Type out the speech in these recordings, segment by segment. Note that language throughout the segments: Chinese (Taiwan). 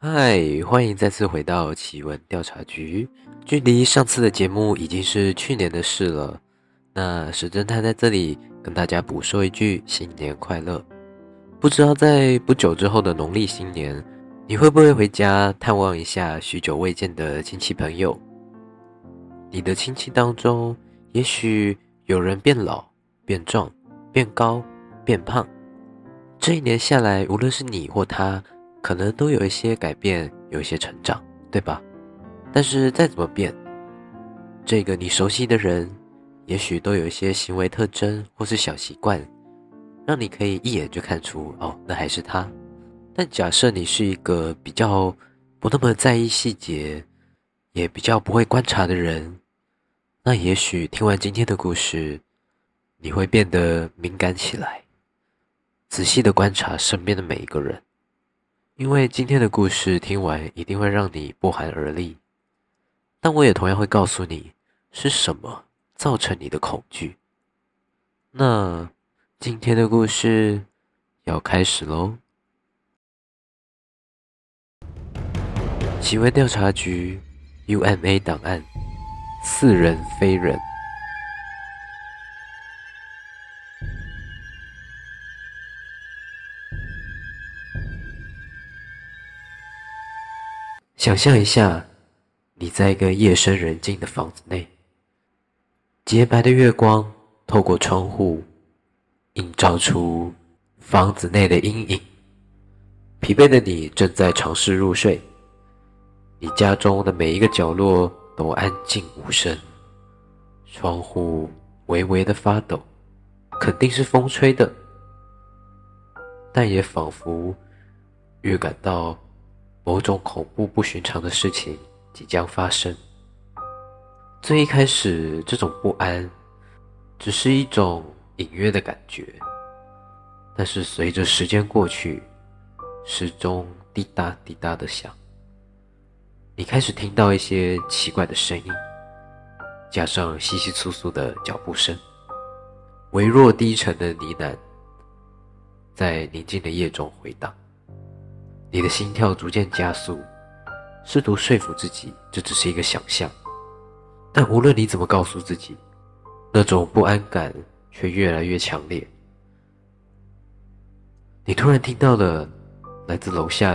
嗨，歡迎再次回到奇聞調查局。距離上次的節目已經是去年的事了。那石偵探在這裡跟大家補說一句新年快樂。不知道在不久之後的農曆新年，你會不會回家探望一下許久未見的親戚朋友？你的親戚當中，也許有人變老、變壯、變高、變胖。這一年下來，無論是你或他。可能都有一些改變，有一些成長，對吧？但是再怎麼變，這個你熟悉的人，也許都有一些行為特徵或是小習慣，讓你可以一眼就看出哦，那還是他。但假設你是一個比較不那麼在意細節，也比較不會觀察的人，那也許聽完今天的故事，你會變得敏感起來，仔細的觀察身邊的每一個人。因為今天的故事聽完，一定會讓你不寒而慄，但我也同樣會告訴你是什麼造成你的恐懼。那今天的故事要開始嘍。新聞調查局 UMA 檔案，似人非人。想象一下，你在一個夜深人靜的房子內，潔白的月光透過窗戶，映照出房子內的陰影。疲憊的你正在嘗試入睡，你家中的每一個角落都安靜無聲，窗戶微微的發抖，肯定是風吹的，但也仿佛預感到。某種恐怖不尋常的事情即將發生。最一開始，這種不安只是一種隱約的感覺，但是隨着時間過去，時鐘滴答滴答的響，你開始聽到一些奇怪的聲音，加上窸窸窣窣的腳步聲，微弱低沉的呢喃，在寧靜的夜中回盪。你的心跳逐漸加速，試圖說服自己這只是一個想象，但無論你怎麼告訴自己，那種不安感卻越來越強烈。你突然聽到了來自樓下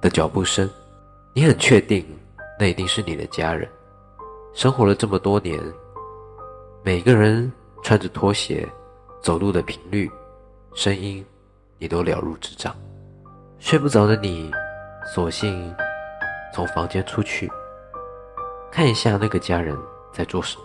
的腳步聲，你很確定那一定是你的家人。生活了這麼多年，每個人穿着拖鞋走路的頻率、聲音，你都了如指掌。睡不着的你，索性從房間出去，看一下那個家人在做什麼。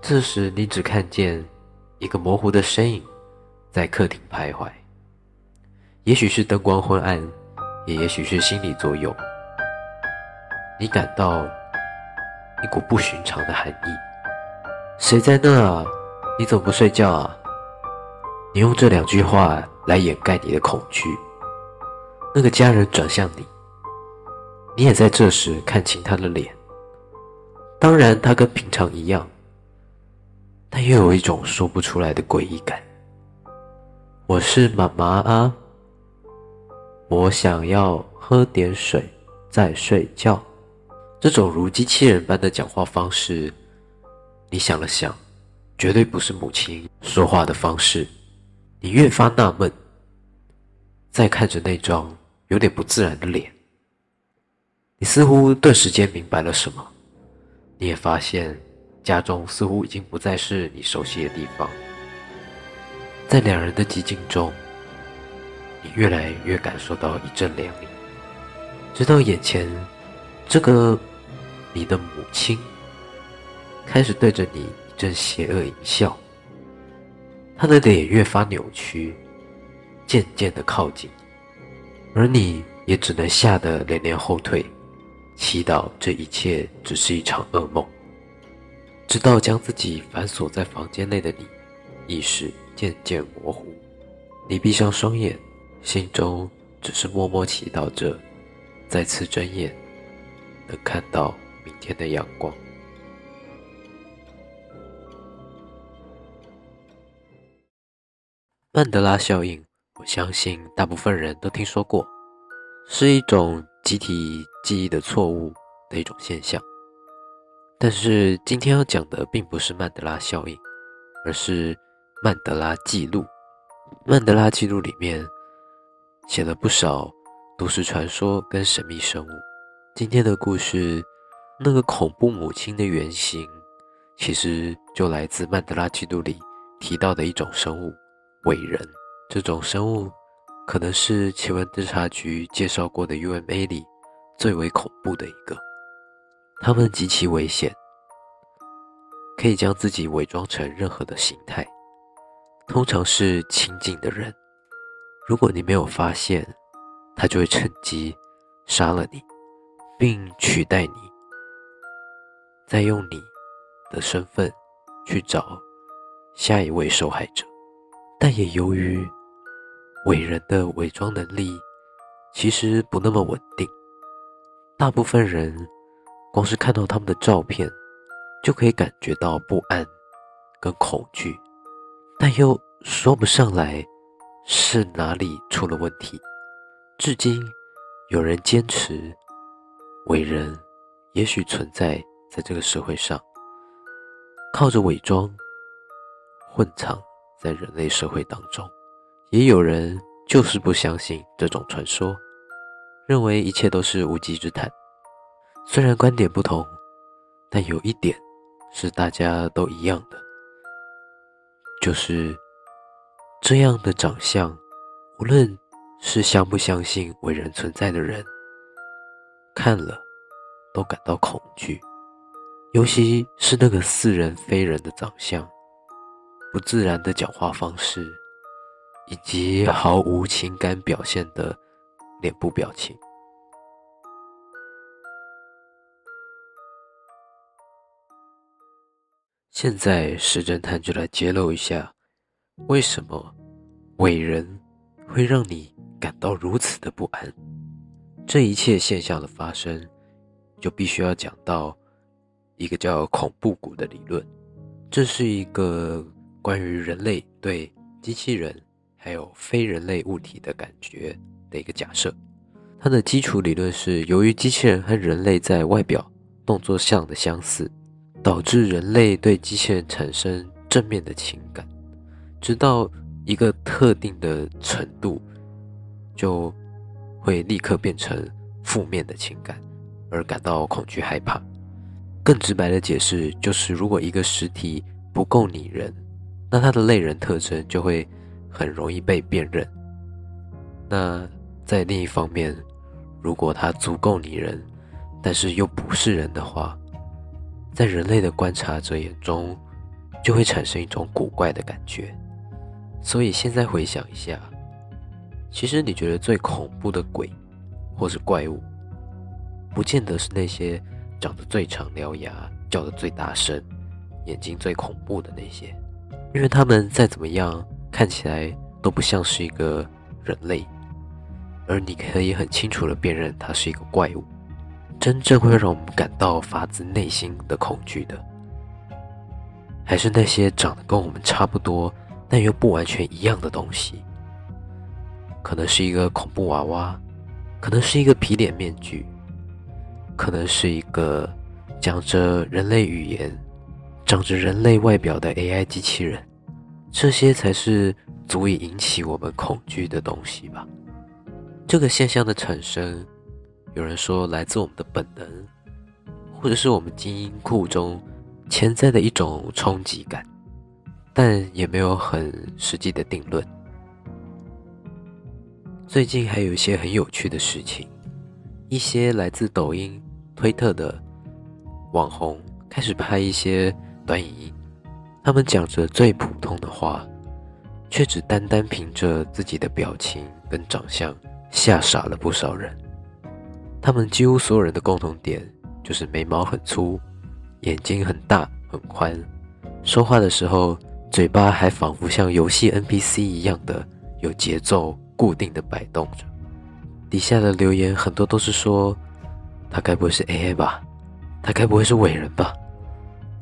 這時你只看見一個模糊的身影在客廳徘徊。也許是燈光昏暗，也也許是心理作用，你感到一股不尋常的寒意。誰在那啊？你怎麼不睡覺啊？你用這兩句話來掩蓋你的恐懼。那個家人轉向你，你也在這時看清他的臉。當然，他跟平常一樣，但又有一種說不出來的詭異感。我是媽媽啊，我想要喝點水再睡覺。這種如機器人般的講話方式，你想了想，絕對不是母親說話的方式。你越發納悶，再看着那張。有點不自然的臉，你似乎頓時間明白了什麼，你也發現家中似乎已經不再是你熟悉的地方。在兩人的寂靜中，你越來越感受到一陣涼意，直到眼前這個你的母親開始對着你一陣邪惡一笑，她的臉也越發扭曲，漸漸的靠近。而你也只能嚇得連連後退，祈禱這一切只是一場噩夢。直到將自己反鎖在房間內的你，意識漸漸模糊，你閉上雙眼，心中只是默默祈禱着，再次睜眼能看到明天的陽光。曼德拉效應。我相信大部分人都聽說過，是一種集體記憶的錯誤的一種現象。但是今天要講的並不是曼德拉效應，而是曼德拉記錄。曼德拉記錄裡面寫了不少都市傳說跟神秘生物。今天的故事，那個恐怖母親的原型，其實就來自曼德拉記錄裡提到的一種生物——偽人。這種生物可能是奇聞偵查局介紹過的 UMA 裡最為恐怖的一個。它們極其危險，可以將自己偽裝成任何的形態，通常是親近的人。如果你沒有發現，他就會趁機殺了你，並取代你，再用你的身份去找下一位受害者。但也由於偽人的偽裝能力其實不那麼穩定，大部分人光是看到他們的照片，就可以感覺到不安跟恐懼，但又說不上來是哪裡出了問題。至今，有人堅持，偽人也許存在在這個社會上，靠着偽裝混藏在人類社會當中。也有人就是不相信這種傳說，認為一切都是無稽之談。雖然觀點不同，但有一點是大家都一樣的，就是這樣的長相，無論是相不相信為人存在的人，看了都感到恐懼，尤其是那個似人非人的長相，不自然的講話方式，以及毫無情感表現的臉部表情。現在，石偵探就來揭露一下，為什麼偽人會讓你感到如此的不安？這一切現象的發生，就必須要講到一個叫“恐怖谷”的理論。這是一個關於人類對機器人。還有非人類物體的感覺的一個假設，它的基礎理論是，由於機器人和人類在外表動作上的相似，導致人類對機器人產生正面的情感，直到一個特定的程度，就會立刻變成負面的情感，而感到恐懼害怕。更直白的解釋就是，如果一個實體不夠擬人，那它的類人特徵就會很容易被辨認。那在另一方面，如果它足夠擬人，但是又不是人的話，在人類的觀察者眼中，就會產生一種古怪的感覺。所以現在回想一下，其實你覺得最恐怖的鬼，或是怪物，不見得是那些長得最長獠牙，叫得最大聲，眼睛最恐怖的那些，因為他們再怎麼樣。看起來都不像是一個人類，而你可以很清楚地辨認它是一個怪物。真正會讓我們感到發自內心的恐懼的，還是那些長得跟我們差不多但又不完全一樣的東西。可能是一個恐怖娃娃，可能是一個皮臉面具，可能是一個講着人類語言、長着人類外表的 AI 機器人。這些才是足以引起我們恐懼的東西吧。這個現象的產生，有人說來自我們的本能，或者是我們基因庫中潛在的一種衝擊感，但也沒有很實際的定論。最近還有一些很有趣的事情，一些來自抖音、推特的網紅開始拍一些短影音。他們講着最普通的話，卻只單單憑着自己的表情跟長相嚇傻了不少人。他們幾乎所有人的共同點就是眉毛很粗，眼睛很大很寬，說話的時候嘴巴還仿佛像遊戲 NPC 一樣的有節奏固定的擺動着。底下的留言很多都是說：“他該不會是 AI 吧？他該不會是偽人吧？”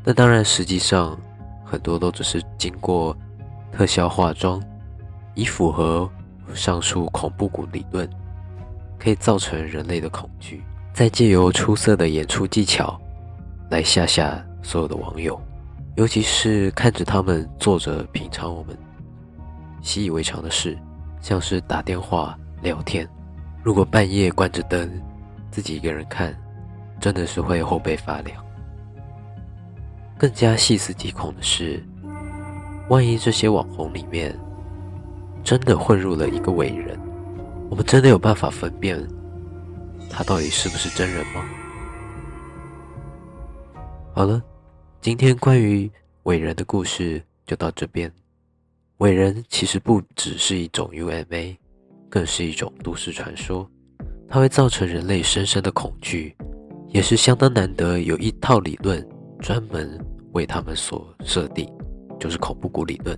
那當然，實際上。很多都只是經過特效化妝，以符合上述恐怖谷理論，可以造成人類的恐懼，再借由出色的演出技巧來嚇嚇所有的網友，尤其是看着他們坐着品嘗我們習以為常的事，像是打電話、聊天，如果半夜關着燈，自己一個人看，真的是會後背發涼。更加細思極恐的是，萬一這些網紅裡面真的混入了一個偽人，我們真的有辦法分辨他到底是不是真人嗎？好了，今天關於偽人的故事就到這邊。偽人其實不只是一種 UMA，更是一種都市傳說，它會造成人類深深的恐懼，也是相當難得有一套理論。專門為他們所設定，就是恐怖谷理論，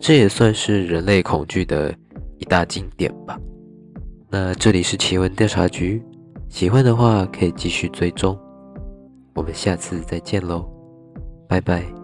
這也算是人類恐懼的一大經典吧。那這裡是奇聞調查局，喜歡的話可以繼續追蹤，我們下次再見嘍，拜拜。